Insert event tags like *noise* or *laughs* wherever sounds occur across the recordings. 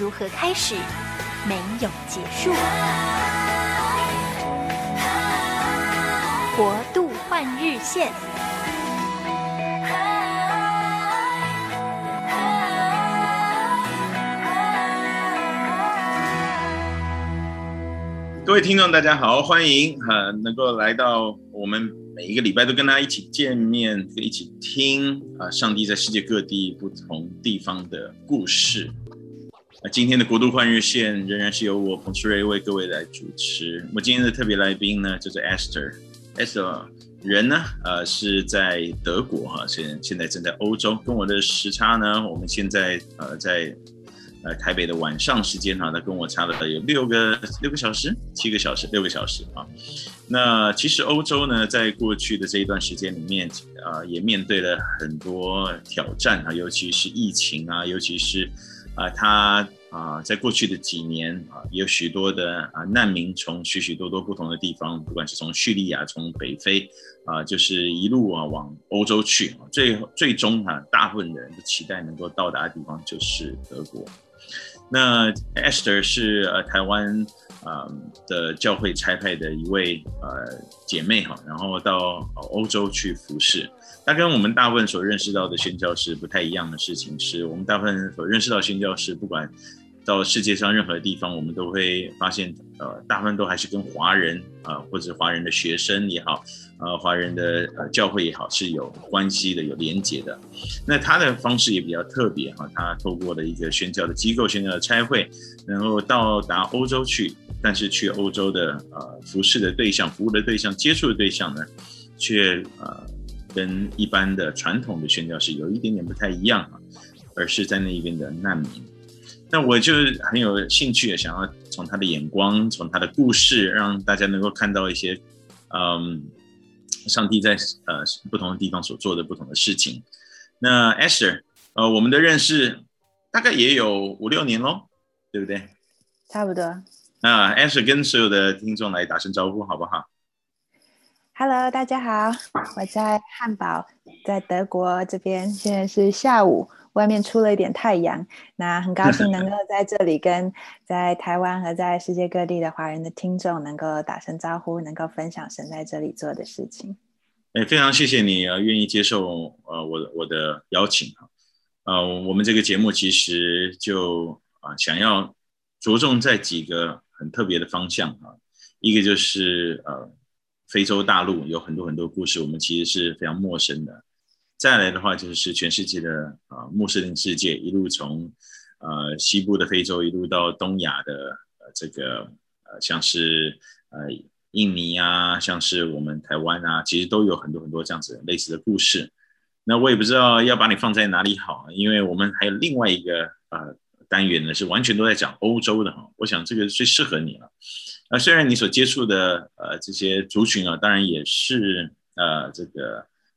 如何開始，沒有結束。國度換日線。各位聽眾，大家好，歡迎啊、呃，能夠來到我們每一個禮拜都跟大家一起見面，一起聽啊、呃，上帝在世界各地不同地方的故事。那今天的《國度換日線》仍然是由我彭世瑞為各位來主持。我今天的特別來賓呢，就是 Esther。Esther 人呢，呃，是在德國哈、啊，現在現在正在歐洲。跟我的時差呢，我們現在呃在呃台北的晚上時間哈、啊，那跟我差了大概有六個六個小時、七個小時、六個小時啊。那其實歐洲呢，在過去的這一段時間裡面，啊，也面對了很多挑戰啊，尤其是疫情啊，尤其是。啊、呃，他啊、呃，在過去的幾年啊、呃，有許多的啊、呃、難民從許許多多不同的地方，不管是從敘利亞、從北非，啊、呃，就是一路啊、呃、往歐洲去，最最終啊、呃，大部分人都期待能夠到達的地方就是德國。那 Esther 是呃台灣啊、呃、的教會差派的一位呃姐妹哈、呃，然後到、呃、歐洲去服事。他跟我們大部分所認識到的宣教士不太一樣的事情，是我們大部分所認識到宣教士，不管到世界上任何地方，我們都會發現，呃，大部分都還是跟華人啊、呃，或者華人的學生也好，呃，華人的呃教會也好是有關係的、有連接的。那他的方式也比較特別哈、啊，他透過了一個宣教的機構、宣教的差會，然後到達歐洲去，但是去歐洲的呃服侍的對象、服務的對象、接觸的對象呢，卻呃。跟一般的傳統的宣教士有一點點不太一樣啊，而是在那邊的難民。那我就很有興趣想要從他的眼光，從他的故事，讓大家能夠看到一些，嗯，上帝在呃不同的地方所做的不同的事情。那 Esther 呃，我們的認識大概也有五六年嘍，對不對？差不多。那 Esther 跟所有的聽眾來打聲招呼，好不好？Hello，大家好，我在漢堡，在德國這邊，現在是下午，外面出了一點太陽，那很高興能夠在這裡跟在台灣和在世界各地的華人的聽眾能夠打聲招呼，能夠分享神在這裡做的事情。哎，非常謝謝你啊、呃，願意接受呃我我的邀請啊、呃，我們這個節目其實就啊、呃、想要着重在幾個很特別的方向啊、呃，一個就是呃。非洲大陸有很多很多故事，我們其實是非常陌生的。再來的話，就是全世界的啊、呃，穆斯林世界一路從呃西部的非洲一路到東亞的呃這個呃，像是呃印尼啊，像是我們台灣啊，其實都有很多很多這樣子類似的故事。那我也不知道要把你放在哪裡好，因為我們還有另外一個呃單元呢，是完全都在講歐洲的哈。我想這個最適合你了。啊，雖然你所接觸的呃這些族群啊，當然也是呃這個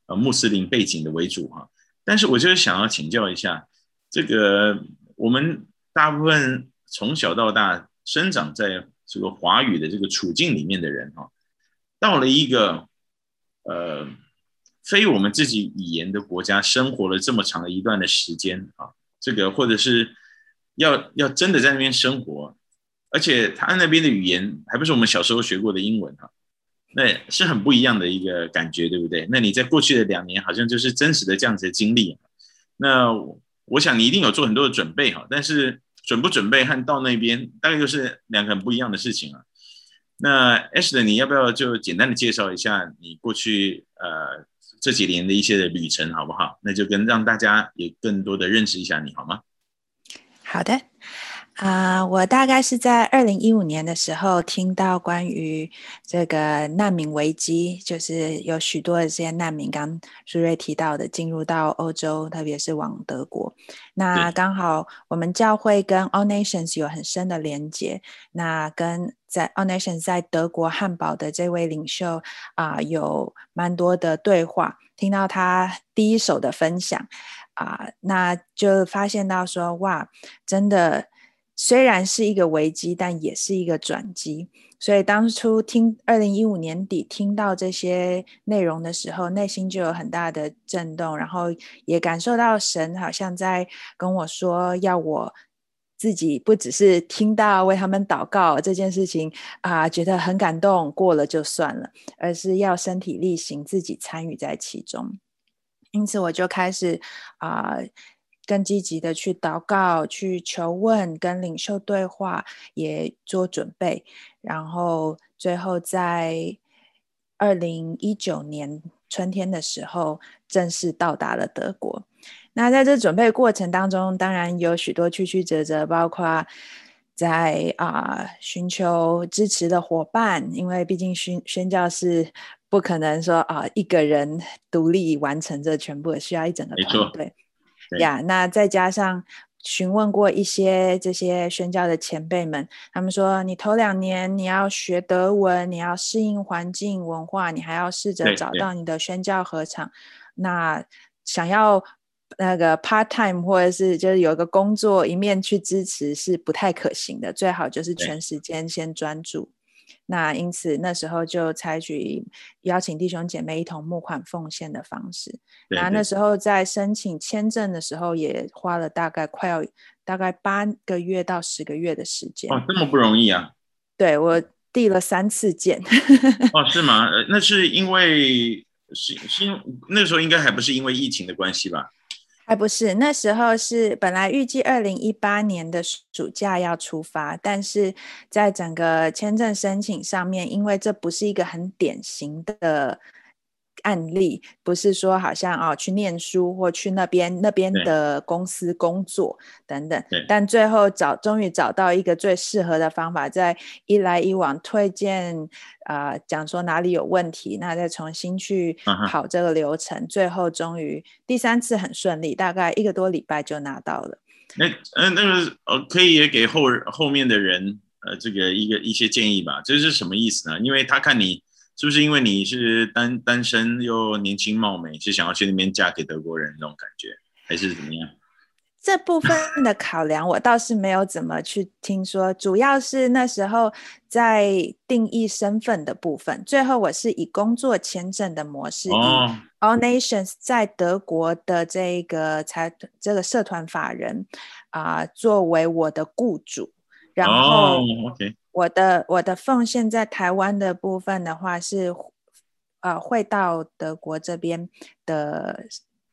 呃穆斯林背景的為主哈、啊，但是我就是想要請教一下，這個我們大部分從小到大生長在這個華語的這個處境裡面的人哈、啊，到了一個呃非我們自己語言的國家生活了這麼長的一段的時間啊，這個或者是要要真的在那邊生活。而且他那邊的語言還不是我們小時候學過的英文哈，那是很不一樣的一個感覺，對不對？那你在過去的兩年，好像就是真實的這樣子的經歷啊。那我想你一定有做很多的準備哈，但是準不準備和到那邊大概就是兩個很不一樣的事情啊。那 Esther，你要不要就簡單的介紹一下你過去呃這幾年的一些的旅程好不好？那就跟讓大家也更多的認識一下你好嗎？好的。啊，uh, 我大概是在二零一五年的時候聽到關於這個難民危機，就是有許多的這些難民，剛舒瑞提到的，進入到歐洲，特別是往德國。那剛好我們教會跟 All Nations 有很深的連接，那跟在 All Nations 在德國漢堡的這位領袖啊、呃，有蠻多的對話，聽到他第一手的分享啊、呃，那就發現到說，哇，真的。雖然是一個危機，但也是一個轉機。所以當初聽二零一五年底聽到這些內容的時候，內心就有很大的震動，然後也感受到神好像在跟我說，要我自己不只是聽到為他們禱告這件事情啊，呃，覺得很感動，過了就算了，而是要身體力行，自己參與在其中。因此，我就開始啊。呃更積極的去禱告、去求問、跟領袖對話，也做準備，然後最後在二零一九年春天的時候，正式到達了德國。那在這準備過程當中，當然有許多曲曲折折，包括在啊、呃、尋求支持的夥伴，因為畢竟宣宣教是不可能說啊、呃、一個人獨立完成這全部的，也需要一整個團隊。呀，yeah, 那再加上詢問過一些這些宣教的前輩們，他們說，你頭兩年你要學德文，你要適應環境文化，你還要試着找到你的宣教禾場。對對。那想要那個 part time 或者是就是有個工作一面去支持是不太可行的，最好就是全時間先專注。那因此，那時候就採取邀請弟兄姐妹一同募款奉獻的方式。對對。那那時候在申請簽證的時候也花了大概快要大概八個月到十個月的時間。哦，這麼不容易啊！對，我遞了三次件。 *laughs* 哦，是嗎？呃，那是因為是是因為那時候應該還不是因為疫情的關係吧？哎，還不是，那時候是本來預計二零一八年的暑假要出發，但是在整個簽證申請上面，因為這不是一個很典型的。案例不是說好像哦，去念書或去那邊對那邊的公司工作等等，對但最後找終於找到一個最適合的方法，在一來一往推薦啊、呃，講說哪裡有問題，那再重新去跑這個流程，啊、哈最後終於第三次很順利，大概一個多禮拜就拿到了。那那個呃可以也給後後面的人呃，這個一個一些建議吧，這是什麼意思呢？因為他看你。是不是因為你是單單身又年輕貌美，是想要去那邊嫁給德國人那種感覺，還是怎麼樣？這部分的考量我倒是沒有怎麼去聽說， *laughs* 主要是那時候在定義身份的部分，最後我是以工作簽證的模式，哦，All Nations 在德國的這個財這個社團法人啊、呃、作為我的雇主。然後，我的，oh, okay. 我的，我的奉獻在台灣的部分的話是，呃，會到德國這邊的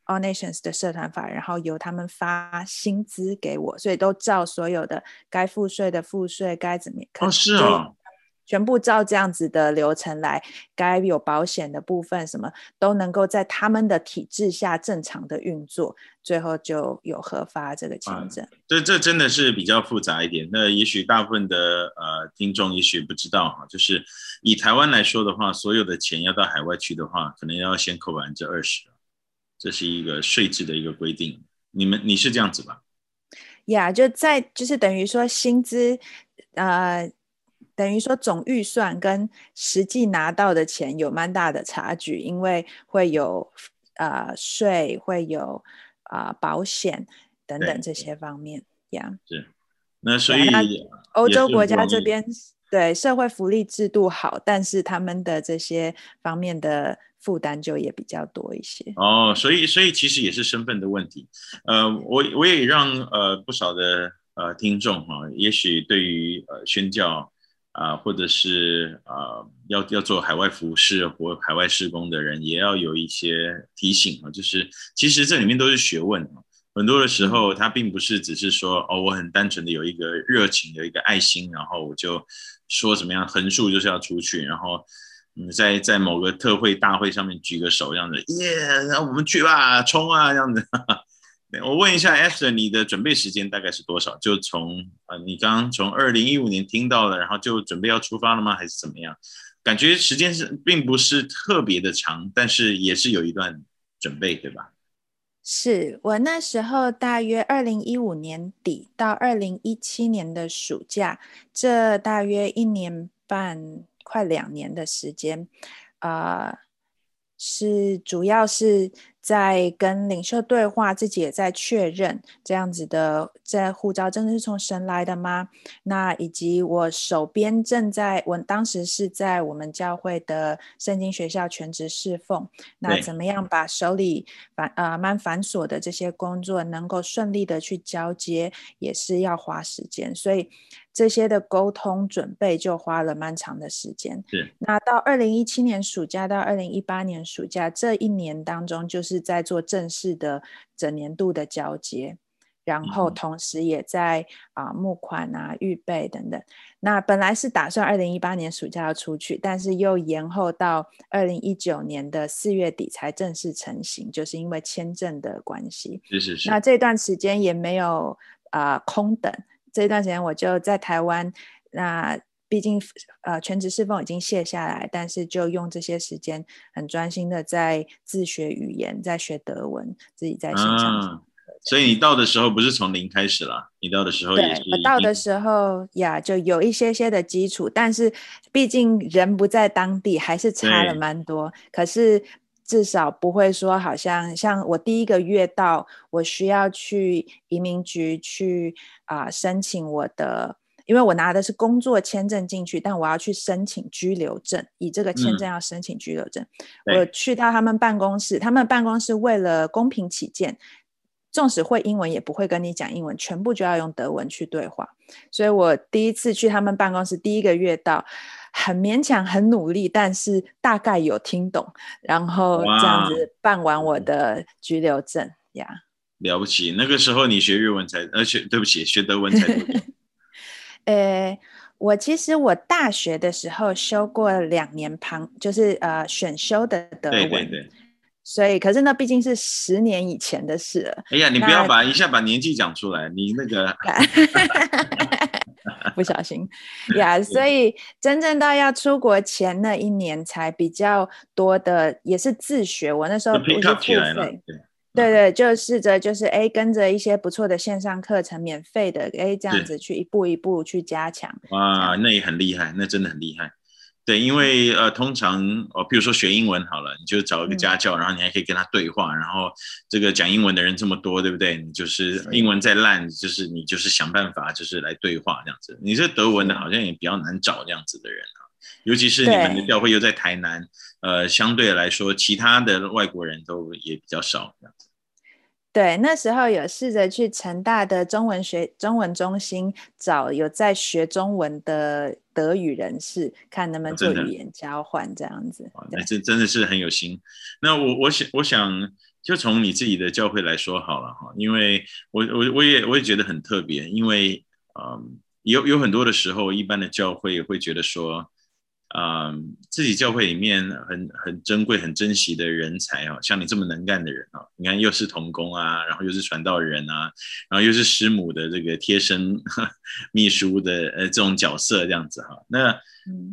All Nations 的社團法，然後由他們發薪資給我，所以都照所有的該付稅的付稅，該怎麼。啊，是啊。對。全部照這樣子的流程來，該有保險的部分什麼，都能夠在他們的體制下正常的運作，最後就有核發這個簽證。這、啊、這真的是比較複雜一點。那也許大部分的呃聽眾也許不知道啊，就是以台灣來說的話，所有的錢要到海外去的話，可能要先扣百分之二十，這是一個稅制的一個規定。你們你是這樣子吧？呀，yeah, 就在就是等於說薪資，呃。等於說總預算跟實際拿到的錢有蠻大的差距，因為會有呃稅，會有啊、呃、保險等等這些方面，樣，對呀。那所以歐洲國家這邊對社會福利制度好，但是他們的這些方面的負擔就也比較多一些。哦，所以所以其實也是身份的問題。嗯、呃，我我也讓呃不少的呃聽眾呃也許對於呃宣教。啊、呃，或者是啊、呃，要要做海外服事或海外事工的人，也要有一些提醒啊。就是其實這裡面都是學問，很多的時候他並不是只是說哦，我很單純的有一個熱情，有一個愛心，然後我就說怎麼樣，橫豎就是要出去，然後嗯，在在某個特會大會上面舉個手，這樣子，耶，那我們去吧，衝啊，這樣子。我問一下 e s 你的準備時間大概是多少？就從呃，你剛剛從二零一五年聽到的，然後就準備要出發了嗎？還是怎麼樣？感覺時間是並不是特別的長，但是也是有一段準備，對吧？是我那時候大約二零一五年底到二零一七年的暑假，這大約一年半快兩年的時間，呃，是主要是。在跟領袖對話，自己也在確認這樣子的，在呼召真的是從神來的嗎？那以及我手邊正在，我當時是在我們教會的聖經學校全職侍奉。那怎麼樣把手裡繁對、呃、蠻繁瑣的這些工作能夠順利的去交接，也是要花時間，所以。這些的溝通準備就花了蠻長的時間。是那到二零一七年暑假到二零一八年暑假這一年當中，就是在做正式的整年度的交接，然後同時也在啊、嗯呃、募款啊預備等等。那本來是打算二零一八年暑假要出去，但是又延後到二零一九年的四月底才正式成行，就是因為簽證的關係。是是是。那這段時間也沒有啊、呃、空等。這段時間我就在台灣，那、啊、畢竟呃全職侍奉，已經卸下來，但是就用這些時間很專心的在自學語言，在學德文，自己在學習、啊、對所以你到的時候不是從零開始了，你到的時候也是。對我到的時候、嗯、呀，就有一些些的基礎，但是畢竟人不在當地，還是差了蠻多。對可是。至少不會說，好像像我第一個月到，我需要去移民局去啊、呃、申請我的，因為我拿的是工作簽證進去，但我要去申請居留證，以這個簽證要申請居留證。嗯、我去到他們辦公室，他們辦公室為了公平起見，縱使會英文也不會跟你講英文，全部就要用德文去對話。所以我第一次去他們辦公室，第一個月到。很勉強，很努力，但是大概有聽懂，然後這樣子辦完我的居留證呀。哇 Yeah 了不起，那個時候你學日文才，呃，學對不起，學德文才對 *laughs* 呃。我其實我大學的時候修過兩年旁，就是呃選修的德文。對對對所以，可是那畢竟是十年以前的事了。哎呀，你不要把那一下把年紀講出來，你那個 *laughs* *laughs* 不小心呀。Yeah, 對所以，對真正到要出國前那一年，才比較多的，也是自學。我那時候不是付費，對對對，就試着就是哎，跟着一些不錯的線上課程，免費的哎，這樣子去一步一步去加強。對哇，那也很厲害，那真的很厲害。對，因為呃，通常哦，比如說學英文好了，你就找一個家教，嗯、然後你還可以跟他對話，然後這個講英文的人這麼多，對不對？你就是英文再爛，就是你就是想辦法就是來對話這樣子。你這德文的好像也比較難找這樣子的人啊，尤其是你們的教會又在台南，對呃，相對來說其他的外國人都也比較少這樣子。對，那時候有試着去成大的中文學中文中心找有在學中文的德語人士，看他們做語言交換這樣子。那、哦、真的對這真的是很有心。那我我想我想就從你自己的教會來說好了哈，因為我我我也我也覺得很特別，因為嗯，有有很多的時候，一般的教會會覺得說，嗯、呃，自己教會裡面很很珍貴、很珍惜的人才哦，像你這麼能幹的人啊、哦，你看又是同工啊，然後又是傳道人啊，然後又是師母的這個貼身呵秘書的呃這種角色這樣子哈、哦，那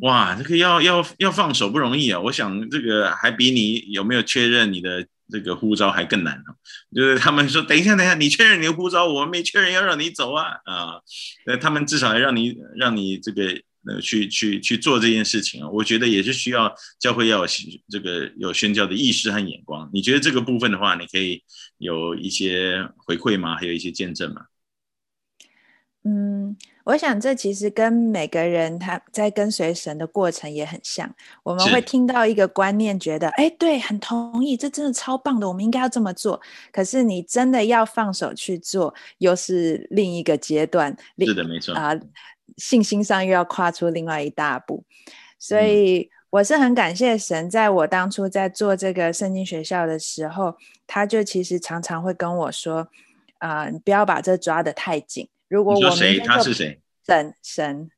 哇，這個要要要放手不容易啊！我想這個還比你有沒有確認你的這個呼召還更難哦、啊，就是他們說，等一下等一下，你確認你的呼召，我沒確認要讓你走啊啊，那、呃、他們至少要讓你讓你這個。去去去做這件事情，我覺得也是需要教會要有這個有宣教的意識和眼光。你覺得這個部分的話，你可以有一些回饋嗎？還有一些見證嗎？嗯，我想這其實跟每個人他在跟隨神的過程也很像。我們會聽到一個觀念，覺得哎是，對，很同意，這真的超棒的，我們應該要這麼做。可是你真的要放手去做，又是另一個階段。是的，沒錯啊。呃信心上又要跨出另外一大步，所以我是很感謝神，在我當初在做這個聖經學校的時候，他就其實常常會跟我說：“啊、呃，你不要把這抓得太緊。”如果我誰該他是誰神神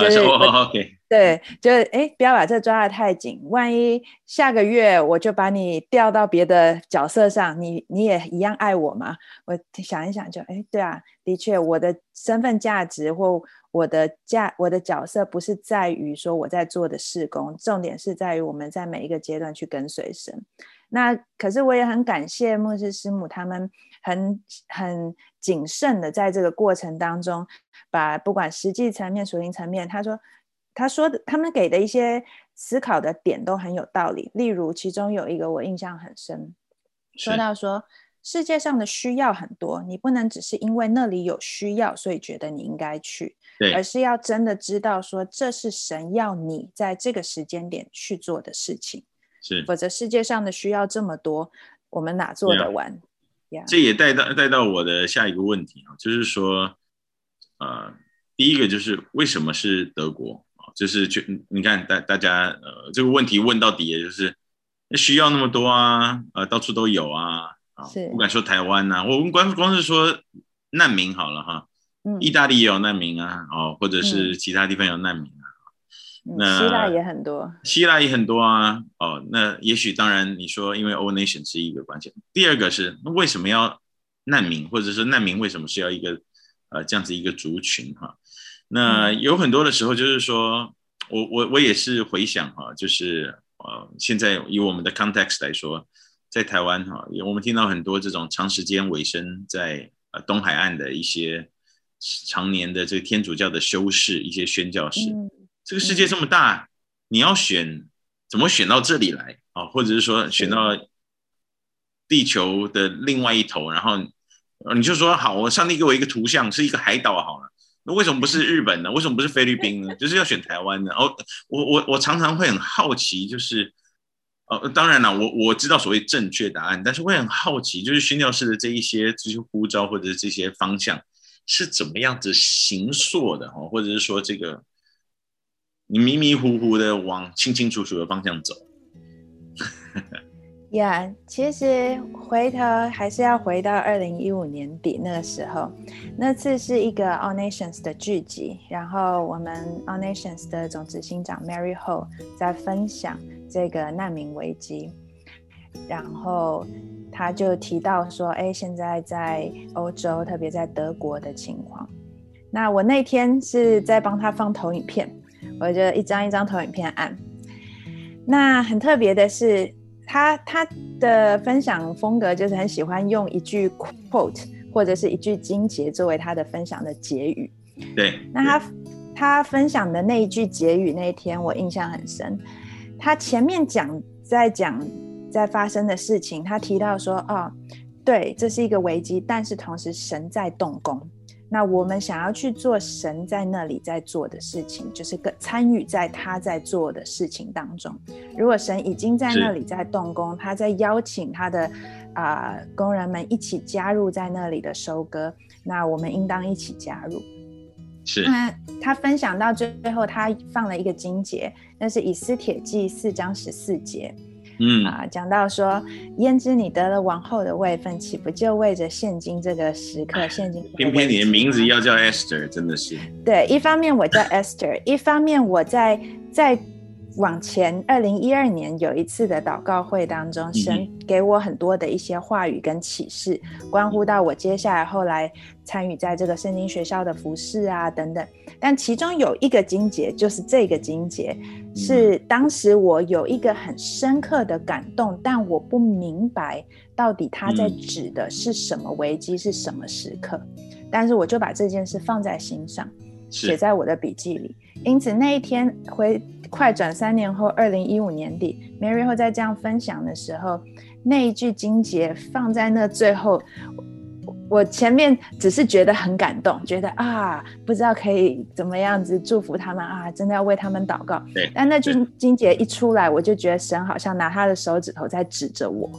就是我。OK，對，就是哎，不要把這抓得太緊。萬一下個月我就把你調到別的角色上，你你也一樣愛我嗎？我想一想就，就哎，對啊，的確，我的身份價值或我的駕我的角色不是在於說我在做的事工，重點是在於我們在每一個階段去跟隨神。那可是我也很感謝牧師師母，他們很很謹慎的在這個過程當中，把不管實際層面、屬靈層面，他說他說的他們給的一些思考的點都很有道理。例如其中有一個我印象很深，是說到說。世界上的需要很多，你不能只是因為那裡有需要，所以覺得你應該去，對而是要真的知道說這是神要你在這個時間點去做的事情，是，否則世界上的需要這麼多，我們哪做得完？有 Yeah. 這也帶到帶到我的下一個問題啊，就是說，呃，第一個就是為什麼是德國啊？就是就你看大大家呃這個問題問到底，也就是需要那麼多啊，啊，呃，到處都有啊。不是敢說台灣吶、啊，我們光光是說難民好了哈，嗯、意大利也有難民啊，哦，或者是其他地方有難民啊，嗯、那希臘也很多，希臘也很多啊，哦，那也許當然你說因為 All Nation 是一個關鍵，第二個是那為什麼要難民，或者是難民為什麼是要一個呃這樣子一個族群哈、啊，那有很多的時候就是說我我我也是回想哈、啊，就是呃現在以我們的 context 來說。在台灣哈，我們聽到很多這種長時間尾聲，在呃東海岸的一些常年的這個天主教的修士、一些宣教士。嗯、這個世界這麼大，嗯、你要選怎麼選到這裡來啊？或者是說選到地球的另外一頭，對然後你就說好，我上帝給我一個圖像，是一個海島好了。那為什麼不是日本呢？為什麼不是菲律賓呢？ *laughs* 就是要選台灣呢？哦，我我我常常會很好奇，就是。哦、當然了，我我知道所謂正確答案，但是我也很好奇，就是宣教士的這一些這些呼召或者是這些方向是怎麼樣子形塑的，或者是說這個你迷迷糊糊的往清清楚楚的方向走。 *laughs* yeah，其實回頭還是要回到二零一五年底那個時候，那次是一個 All Nations 的聚集，然後我們 All Nations 的總執行長 Mary Ho 在分享，這個難民危機，然後他就提到說：“誒，現在在歐洲，特別在德國的情況。”那我那天是在幫他放投影片，我就一張一張投影片按。那很特別的是，他他的分享風格就是很喜歡用一句 quote 或者是一句金句作為他的分享的結語。對。那他對他分享的那一句結語那一，那天我印象很深。他前面講，在講在發生的事情，他提到說，哦，對，這是一個危機，但是同時神在動工，那我們想要去做神在那裡在做的事情，就是個參與在他在做的事情當中。如果神已經在那裡在動工，是他在邀請他的啊、呃、工人們一起加入在那裡的收割，那我們應當一起加入。是，那、嗯、他分享到最後，他放了一個經節，那是以斯帖記四章十四節。嗯啊，講到說，焉知你得了王後的位份，豈不就為着現今這個時刻？現今、哎、偏偏你的名字要叫 Esther，真的是。對，一方面我叫 Esther， *laughs* 一方面我在在。往前，二零一二年有一次的禱告會當中，神給我很多的一些話語跟啟示，關乎到我接下來後來參與在這個聖經學校的服事啊等等。但其中有一個經節，就是這個經節，是當時我有一個很深刻的感動，但我不明白到底他在指的是什麼危機，是什麼時刻，但是我就把這件事放在心上，寫在我的筆記裡。因此那一天回快轉三年後，二零一五年底，Mary Ho 在這樣分享的時候，那一句經節放在那最後，我前面只是覺得很感動，覺得啊，不知道可以怎麼樣子祝福他們啊，真的要為他們禱告。對但那句經節一出來，我就覺得神好像拿他的手指頭在指着我，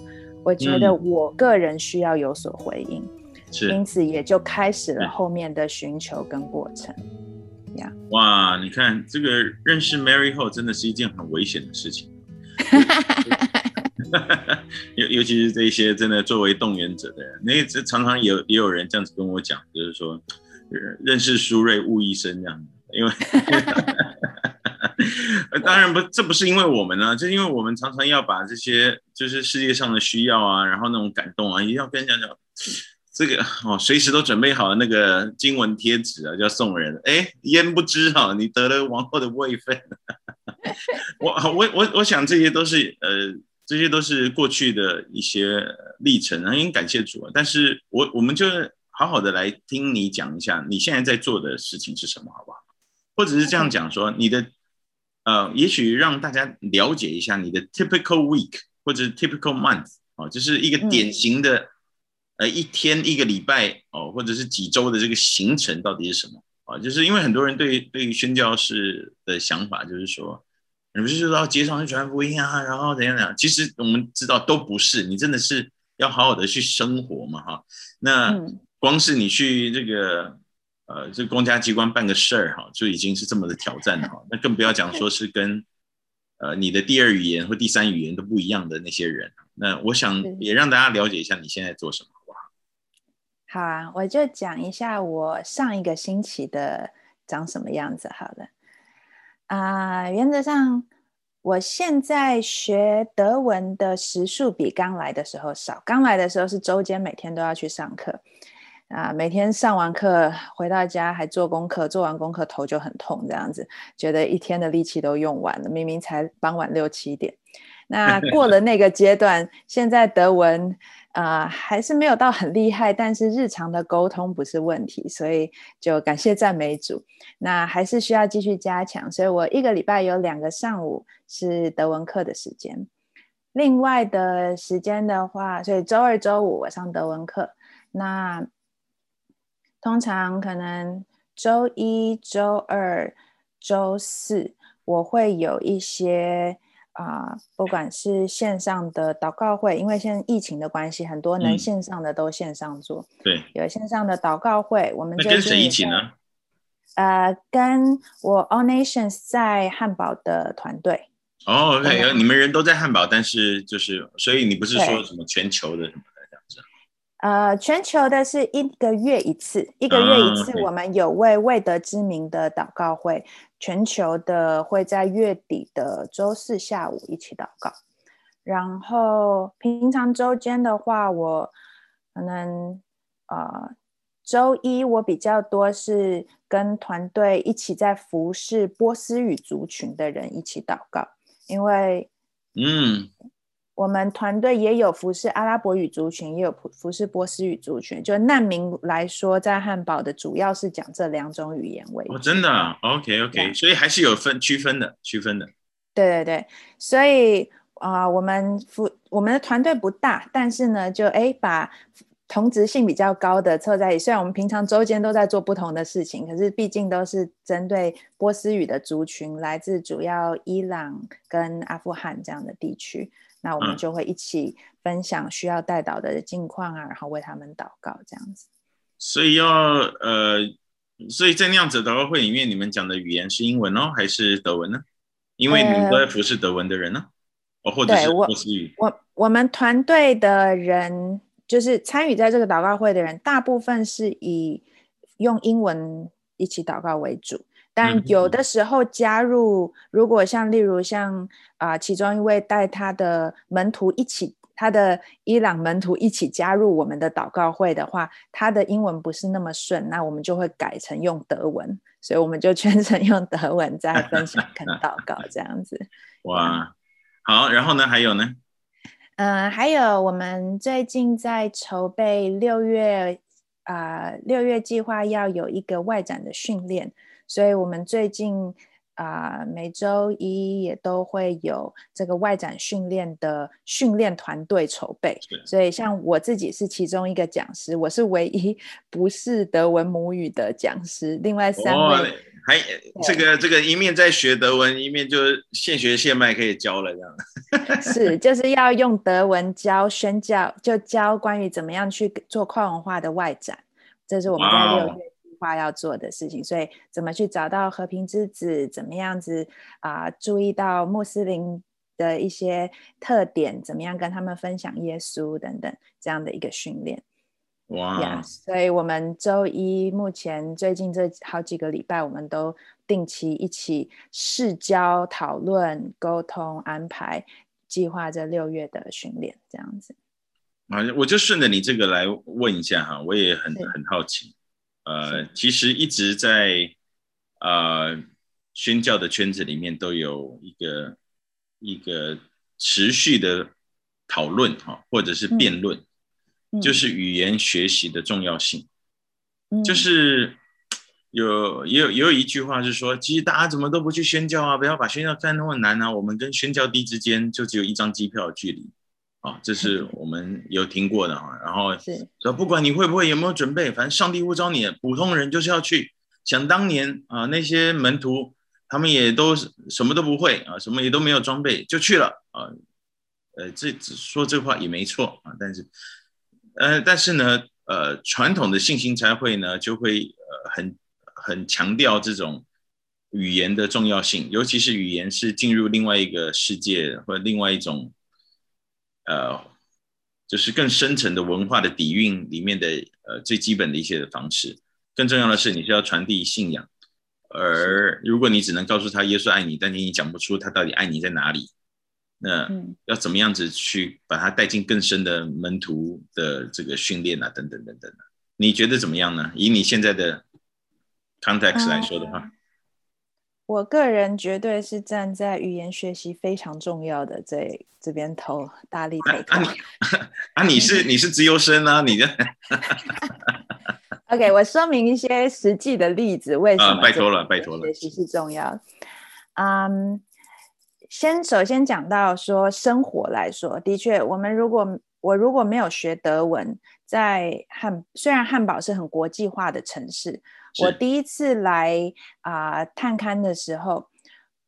我覺得我個人需要有所回應，嗯，因此也就開始了後面的尋求跟過程。Yeah. 哇，你看這個認識 Mary 後，真的是一件很危險的事情，尤 *laughs* 尤其是這些真的作為動員者的人，那常常有也，也有人這樣子跟我講，就是說認識蘇瑞誤一生這樣，因為 *laughs* *laughs* 當然不，這不是因為我們呢、啊，就因為我們常常要把這些就是世界上的需要啊，然後那種感動啊，一定要跟人家，享、呃、講這個哦，隨時都準備好了那個經文貼紙啊，就要送人。哎，焉不知啊，你得了王後的位分。 *laughs* 我我我我想這些都是呃，這些都是過去的一些歷程、啊，很感謝主啊。但是我我們就是好好的來聽你講一下，你現在在做的事情是什麼，好不好？或者是這樣講說，你的呃，也許讓大家了解一下你的 typical week 或者 typical month 啊、哦，就是一個典型的、嗯。呃，一天一個禮拜哦，或者是幾周的這個行程到底是什麼啊、哦？就是因為很多人對對於宣教士的想法就是說，你不是說到街上去傳福音啊，然後怎樣怎樣。其實我們知道都不是，你真的是要好好的去生活嘛哈、哦。那光是你去這個呃這個公家機關辦個事兒哈、哦，就已經是這麼的挑戰了哈、哦。那更不要講說是跟 *laughs* 呃你的第二語言或第三語言都不一樣的那些人。那我想也讓大家了解一下你現在做什麼。好啊，我就講一下我上一個星期的長什麼樣子好了。啊、呃，原則上，我現在學德文的時數比剛來的時候少。剛來的時候是周間每天都要去上課，啊、呃，每天上完課回到家還做功課，做完功課頭就很痛，這樣子覺得一天的力氣都用完了，明明才傍晚六七點。那過了那個階段， *laughs* 現在德文。啊、呃，還是沒有到很厲害，但是日常的溝通不是問題，所以就感謝讚美主。那還是需要繼續加強，所以我一個禮拜有兩個上午是德文課的時間，另外的時間的話，所以周二、周五我上德文課。那通常可能周一、周二、周四我會有一些。啊、呃，不管是線上的禱告會，因為現在疫情的關係，很多能線上的都線上做。嗯、對，有線上的禱告會，我們就跟，跟誰一起呢？呃，跟我 All Nations 在漢堡的團隊。哦，o k 你們人都在漢堡，但是就是，所以你不是說什麼全球的？什麼。呃，uh, 全球的是一個月一次，uh, okay. 一個月一次。我們有為未得之民的禱告會，全球的會在月底的週四下午一起禱告。然後平常週間的話，我可能呃週一我比較多是跟團隊一起在服侍波斯語族群的人一起禱告，因為嗯。Mm. 我們團隊也有服侍阿拉伯語族群，也有服服侍波斯語族群。就難民來說，在漢堡的主要是講這兩種語言為主、哦、真的、啊、？OK，OK，okay, okay. Yeah. 所以還是有分區分的，區分的。對對對，所以啊、呃，我們服我們的團隊不大，但是呢，就誒把。同質性比較高的側在意，雖然我們平常週間都在做不同的事情，可是畢竟都是針對波斯語的族群，來自主要伊朗跟阿富汗這樣的地區，那我們就會一起分享需要代禱的境況啊，然後為他們禱告這樣子。嗯、所以要呃，所以在那樣子禱告會裡面，你們講的語言是英文哦，還是德文呢？因為你們都在服侍德文的人呢、啊，哦、呃，或者是波斯語。我我，我們團隊的人。就是參與在這個禱告會的人，大部分是以用英文一起禱告為主，但有的時候加入，如果像例如像啊、呃，其中一位帶他的門徒一起，他的伊朗門徒一起加入我們的禱告會的話，他的英文不是那麼順，那我們就會改成用德文，所以我們就全程用德文在分享跟禱告這樣子。 *laughs* 哇，好，然後呢？還有呢？嗯、呃，還有我們最近在籌備六月啊，六、呃、月計劃要有一個外展的訓練，所以我們最近啊、呃，每周一也都會有這個外展訓練的訓練團隊籌備。所以，像我自己是其中一個講師，我是唯一不是德文母語的講師，另外三位、哦。哎。還這個對這個一面在學德文，一面就現學現賣，可以教了這樣。 *laughs* 是，就是要用德文教宣教，就教關於怎麼樣去做跨文化的外展，這是我們在六月計劃要做的事情。哦、所以，怎麼去找到和平之子，怎麼樣子啊、呃、注意到穆斯林的一些特點，怎麼樣跟他們分享耶穌等等這樣的一個訓練。哇，yeah, 所以我們周一目前最近這好幾個禮拜，我們都定期一起視教、討論、溝通、安排計劃在六月的訓練，這樣子。啊，我就順着你這個來問一下哈，我也很是很好奇。呃，是其實一直在呃宣教的圈子裡面都有一個一個持續的討論哈，或者是辯論。嗯就是語言學習的重要性，就是有也有也有一句話是說，其實大家怎麼都不去宣教啊，不要把宣教看那麼難啊，我們跟宣教地之間就只有一張機票的距離啊，這是我們有聽過的啊。然後是不管你會不會有沒有準備，反正上帝呼召你，普通人就是要去。想當年啊，那些門徒他們也都什麼都不會啊，什麼也都沒有裝備就去了啊。呃，這說這話也沒錯啊，但是。呃，但是呢，呃，傳統的信心差會呢，就會呃很很強調這種語言的重要性，尤其是語言是進入另外一個世界或者另外一種呃，就是更深層的文化的底蘊裡面的呃最基本的一些的方式。更重要的是，你需要傳遞信仰，而如果你只能告訴他耶穌愛你，但你你講不出他到底愛你在哪裡。那要怎麼樣子去把他帶進更深的門徒的這個訓練啊，等等等等你覺得怎麼樣呢？以你現在的 context 來說的話、啊，我個人絕對是站在語言學習非常重要的這這邊投大力你啊，啊你,啊你是、嗯、你是資 *laughs* 優生啊，你的。 *laughs* OK，我說明一些實際的例子，為什麼、啊？拜托了，拜托了，學習是重要。嗯。先首先講到說生活來說，的確，我們如果我如果沒有學德文，在漢雖然漢堡是很國際化的城市，是我第一次來啊、呃、探勘的時候，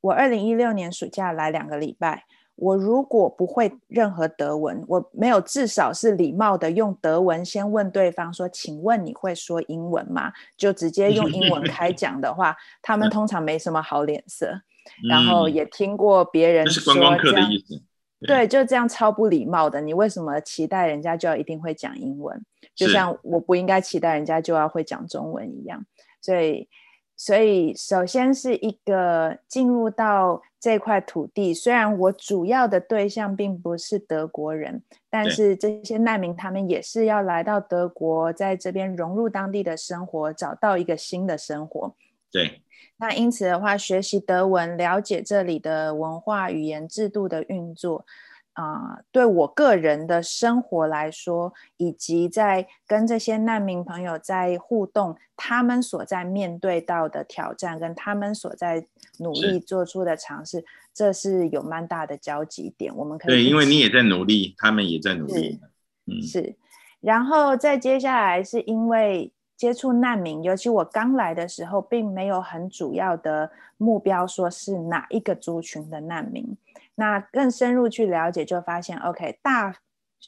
我二零一六年暑假來兩個禮拜，我如果不會任何德文，我沒有至少是禮貌的用德文先問對方說，請問你會說英文嗎？就直接用英文開講的話， *laughs* 他們通常沒什麼好臉色。然後也聽過別人說這樣，對，就這樣超不禮貌的。你為什麼期待人家就要一定會講英文？是就像我不應該期待人家就要會講中文一樣。所以，所以首先是一個進入到這塊土地。雖然我主要的對象並不是德國人，但是這些難民他們也是要來到德國，在這邊融入當地的生活，找到一個新的生活。對，那因此的話，學習德文，了解這裡的文化、語言制度的運作，啊、呃，對我個人的生活來說，以及在跟這些難民朋友在互動，他們所在面對到的挑戰，跟他們所在努力做出的嘗試，是這是有蠻大的交集點。我們可以一起，對，因為你也在努力，他們也在努力，是嗯，是。然後再接下來是因為。接觸難民，尤其我剛來的時候，並沒有很主要的目標，說是哪一個族群的難民。那更深入去了解，就發現，OK，大，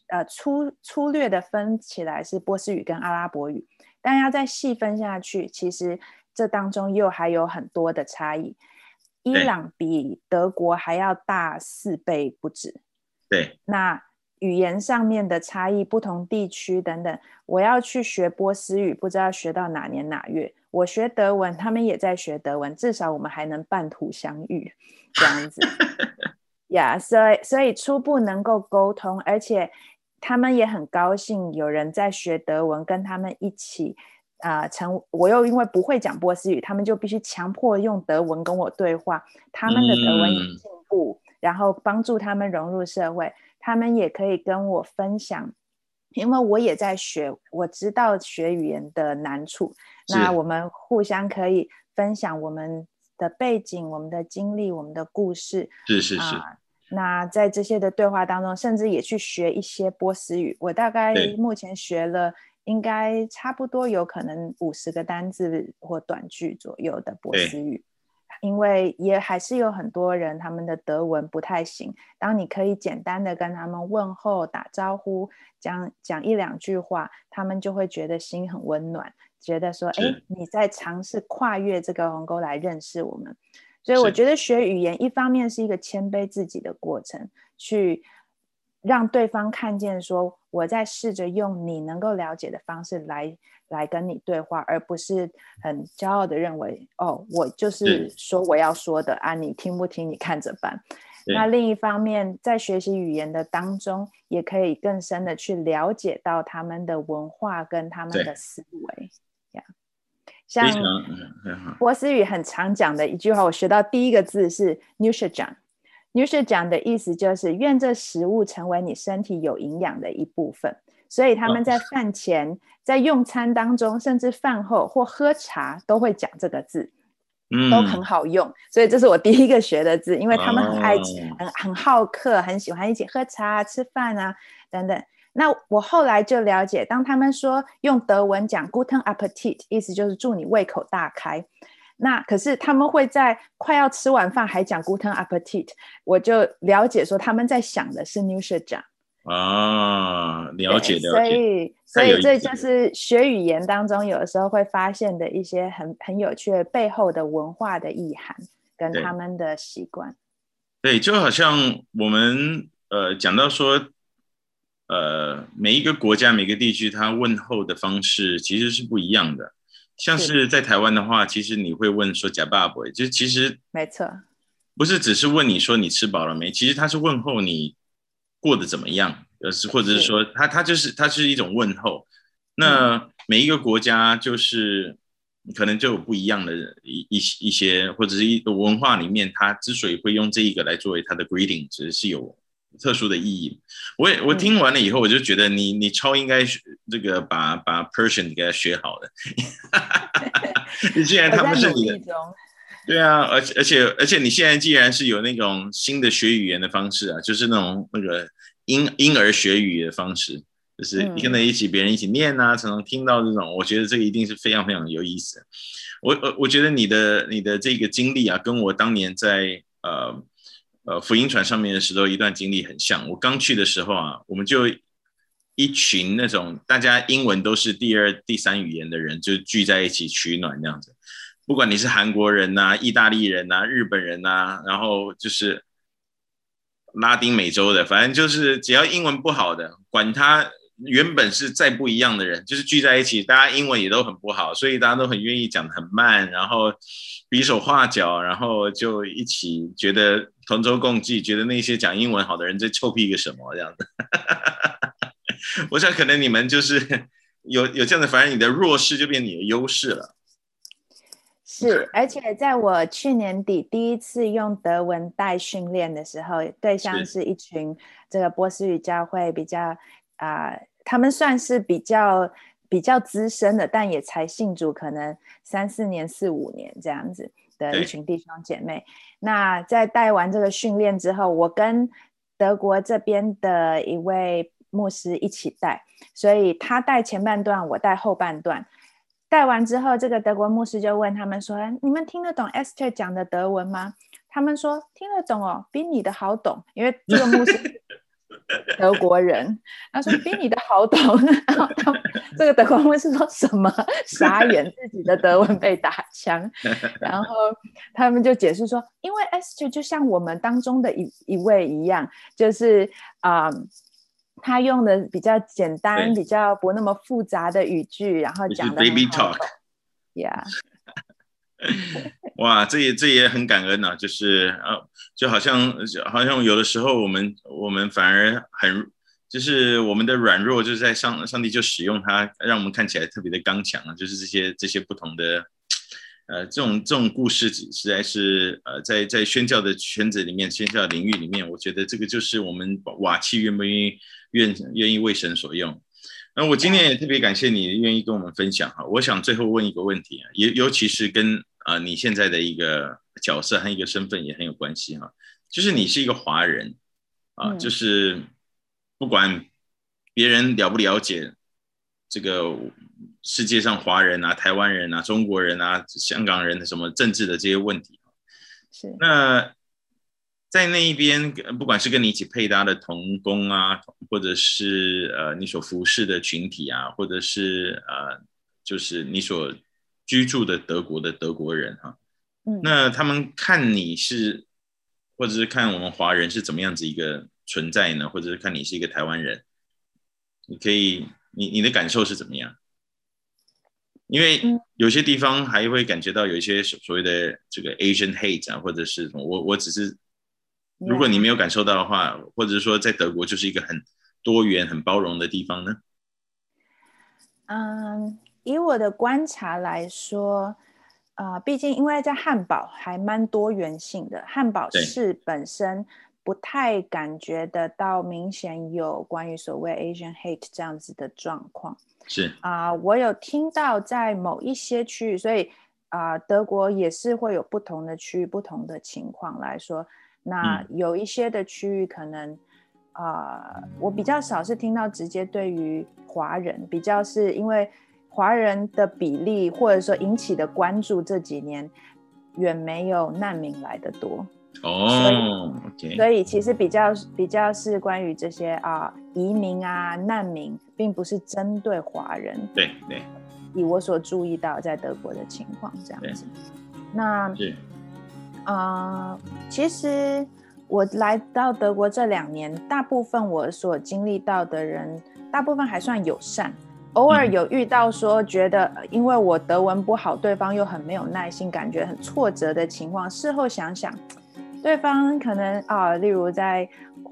呃，粗粗略的分起來是波斯語跟阿拉伯語，但要再細分下去，其實這當中又還有很多的差異。對伊朗比德國還要大四倍不止。對。那。語言上面的差異，不同地區等等，我要去學波斯語，不知道學到哪年哪月。我學德文，他們也在學德文，至少我們還能半途相遇，這樣子。 *laughs* yeah, 所以，所以初步能夠溝通，而且他們也很高興有人在學德文，跟他們一起啊、呃，成我又因為不會講波斯語，他們就必須強迫用德文跟我對話。他們的德文也進步，嗯、然後幫助他們融入社會。他們也可以跟我分享，因為我也在學，我知道學語言的難處。是。那我們互相可以分享我們的背景、我們的經歷、我們的故事。是是是。呃，那在這些的對話當中，甚至也去學一些波斯語。我大概目前學了，應該差不多有可能五十個單字或短句左右的波斯語。因為也還是有很多人，他們的德文不太行，當你可以簡單的跟他們問候、打招呼，講講一兩句話，他們就會覺得心很溫暖，覺得說，哎是，你在嘗試跨越這個鴻溝來認識我們。所以我覺得學語言一方面是一個謙卑自己的過程，去。讓對方看見，說我在試着用你能夠了解的方式來來跟你對話，而不是很驕傲的認為，哦，我就是說我要說的對啊，你聽不聽，你看着辦。對那另一方面，在學習語言的當中，也可以更深的去了解到他們的文化跟他們的思維。對 yeah，像波斯語很常講的一句話，我學到第一個字是 Nushejan 女士講的意思就是願這食物成為你身體有營養的一部分，所以他們在飯前、Oh. 在用餐當中，甚至飯後或喝茶都會講這個字，都很好用。Mm. 所以這是我第一個學的字，因為他們很愛、Oh. 很好客，很喜歡一起喝茶、吃飯啊等等。那我後來就了解，當他們說用德文講 “Guten Appetit”，e、mm. 意思就是祝你胃口大開。那可是他們會在快要吃完飯還講 “Guten Appetit”，我就了解說他們在想的是新社長啊，了解的。對解所以所以這就是學語言當中有的時候會發現的一些很很有趣的背後的文化的意涵跟他們的習慣。對，就好像我們呃講到說，呃，每一個國家每個地區他問候的方式其實是不一樣的。像是在台灣的話，是其實你會問說呷飽未，就其實沒錯，不是只是問你說你吃飽了沒，其實他是問候你過得怎麼樣，呃，是或者是說他是他就是他是一種問候。那每一個國家就是可能就有不一樣的一、嗯、一一些，或者是一個文化裡面，他之所以會用這一個來作為他的 greeting，只是有。特殊的意義，我也我聽完了以後，我就覺得你、嗯、你超應該學這個把把 Persian 給他學好的。你 *laughs* 既然他們是你的，對啊，而且而且而且你現在既然是有那種新的學語言的方式啊，就是那種那個嬰嬰兒學語的方式，就是你跟他一起、嗯、別人一起念啊，才能聽到這種，我覺得這個一定是非常非常有意思。我我我覺得你的你的這個經歷啊，跟我當年在呃。呃，福音船上面的時候，一段經歷很像。我剛去的時候啊，我們就一群那種大家英文都是第二、第三語言的人，就聚在一起取暖那樣子。不管你是韓國人吶、啊、意大利人吶、啊、日本人吶、啊，然後就是拉丁美洲的，反正就是只要英文不好的，管他原本是再不一樣的人，就是聚在一起，大家英文也都很不好，所以大家都很願意講得很慢，然後。比手畫腳，然後就一起覺得同舟共濟，覺得那些講英文好的人在臭屁一個什麼這樣子。 *laughs* 我想可能你們就是有有這樣子，反正你的弱勢就變你的優勢了。是，是，而且在我去年底第一次用德文帶訓練的時候，對象是一群這個波斯語教會比較啊、呃，他們算是比較。比較資深的，但也才信主可能三四年、四五年這樣子的一群弟兄姐妹。欸、那在帶完這個訓練之後，我跟德國這邊的一位牧師一起帶，所以他帶前半段，我帶後半段。帶完之後，這個德國牧師就問他們說：“你們聽得懂 Esther 講的德文嗎？”他們說：“聽得懂哦，比你的好懂，因為這個牧師。” *laughs* *laughs* 德國人，他說比你的好懂。然後他這個德國文是說什麼？傻眼，自己的德文被打槍。然後他們就解釋說，因為 Esther 就像我們當中的一一位一樣，就是啊、呃，他用的比較簡單，對比較不那麼複雜的語句，然後講的很好懂對對 Yeah. *laughs* 哇，這也這也很感恩啊，就是呃、哦、就好像就好像有的時候我們我們反而很，就是我們的軟弱，就是在上上帝就使用它，讓我們看起來特別的剛強啊，就是這些這些不同的，呃，這種這種故事實在是呃，在在宣教的圈子裡面，宣教領域裡面，我覺得這個就是我們瓦器願不願意願願意為神所用。那、啊、我今天也特別感謝你願意跟我們分享哈，我想最後問一個問題啊，尤尤其是跟啊你現在的一個角色和一個身份也很有關係哈，就是你是一個華人啊，就是不管別人了不了解這個世界上華人啊、台灣人啊、中國人啊、香港人的什麼政治的這些問題是那。在那一邊，不管是跟你一起配搭的同工啊，或者是呃你所服侍的群體啊，或者是呃就是你所居住的德國的德國人哈、啊，嗯、那他們看你是，或者是看我們華人是怎麼樣子一個存在呢？或者是看你是一個台灣人，你可以你你的感受是怎麼樣？因為有些地方還會感覺到有一些所謂的這個 Asian hate 啊，或者是什麼，我我只是。如果你沒有感受到的話，Yeah. 或者是說在德國就是一個很多元、很包容的地方呢？嗯，um, 以我的觀察來說，啊、呃，畢竟因為在漢堡還蠻多元性的，漢堡市本身不太感覺得到明顯有關於所謂 Asian hate 這樣子的狀況。是啊，uh, 我有聽到在某一些區域，所以啊、呃，德國也是會有不同的區域、不同的情況來說。那有一些的區域可能，啊、嗯、呃，我比較少是聽到直接對於華人比較是因為華人的比例或者說引起的關注，這幾年遠沒有難民來得多哦，所以 okay. 所以其實比較比較是關於這些啊、呃、移民啊、難民，並不是針對華人。對、對，對，以我所注意到在德國的情況這樣子，對那啊，uh, 其實我來到德國這兩年，大部分我所經歷到的人，大部分還算友善。偶爾有遇到說覺得，因為我德文不好，對方又很沒有耐心，感覺很挫折的情況。事後想想，對方可能啊，例如在。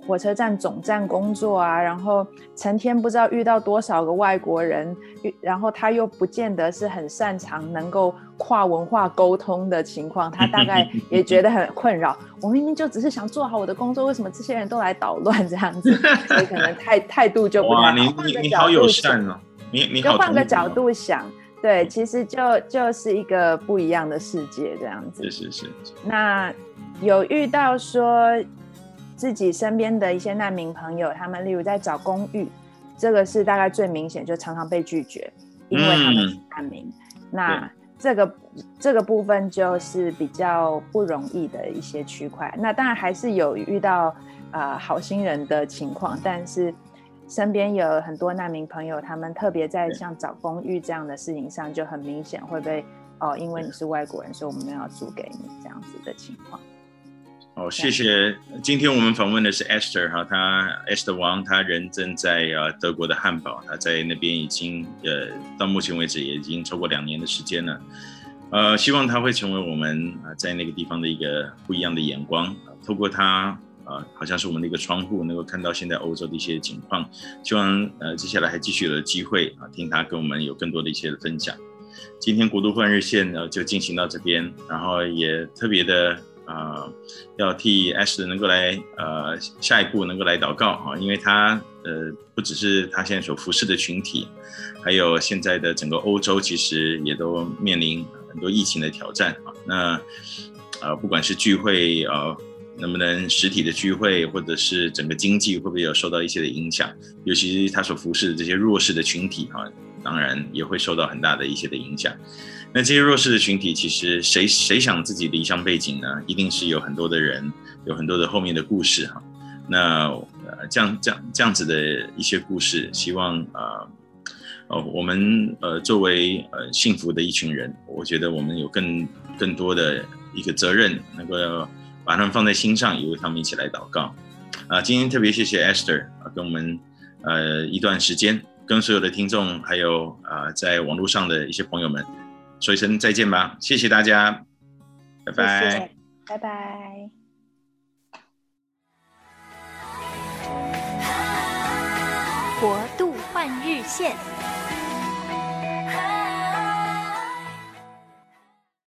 火車站總站工作啊，然後成天不知道遇到多少個外國人，然後他又不見得是很擅長能夠跨文化溝通的情況，他大概也覺得很困擾。 *laughs* 我明明就只是想做好我的工作，為什麼這些人都來搗亂這樣子？ *laughs* 所以可能態態度就不一樣。你你，你好友善哦，啊，你你好。就換個角度想，對，其實就就是一個不一樣的世界這樣子。是，是是是。那有遇到說。自己身邊的一些難民朋友，他們例如在找公寓，這個是大概最明顯，就常常被拒絕，因為他們是難民。嗯、那對這個這個部分就是比較不容易的一些區塊。那當然還是有遇到呃好心人的情況，但是身邊有很多難民朋友，他們特別在像找公寓這樣的事情上，對就很明顯會被哦，因為你是外國人，所以我們沒有要租給你這樣子的情況。好、哦，謝謝。對今天我們訪問的是 Esther 哈，他 Esther 王，他人正在呃德國的漢堡，他在那邊已經呃到目前為止也已經超過兩年的時間了，呃，希望他會成為我們啊在那個地方的一個不一樣的眼光，透過他啊、呃、好像是我們的一個窗戶，能夠看到現在歐洲的一些情況。希望呃接下來還繼續有了機會啊聽他跟我們有更多的一些分享。今天國度換日線呢、呃、就進行到這邊，然後也特別的。啊、呃，要替 Esther 能夠來，呃，下一步能夠來禱告啊，因為他呃，不只是他現在所服侍的群體，還有現在的整個歐洲其實也都面臨很多疫情的挑戰。啊那啊、呃，不管是聚會啊，能不能實體的聚會，或者是整個經濟會不會有受到一些的影響，尤其是他所服侍的這些弱勢的群體啊，當然也會受到很大的一些的影響。那這些弱勢的群體，其實誰誰想自己離鄉背井呢？一定是有很多的人，有很多的後面的故事哈。那呃，這樣這樣這樣子的一些故事，希望啊、呃，哦，我們呃作為呃幸福的一群人，我覺得我們有更更多的一個責任，能夠把他們放在心上，也為他們一起來禱告。啊、呃，今天特別謝謝 Esther 啊、呃，跟我們呃一段時間，跟所有的聽眾，還有啊、呃、在網絡上的一些朋友們。水神，再見吧！謝謝大家，拜拜，謝謝拜拜。國度換日線。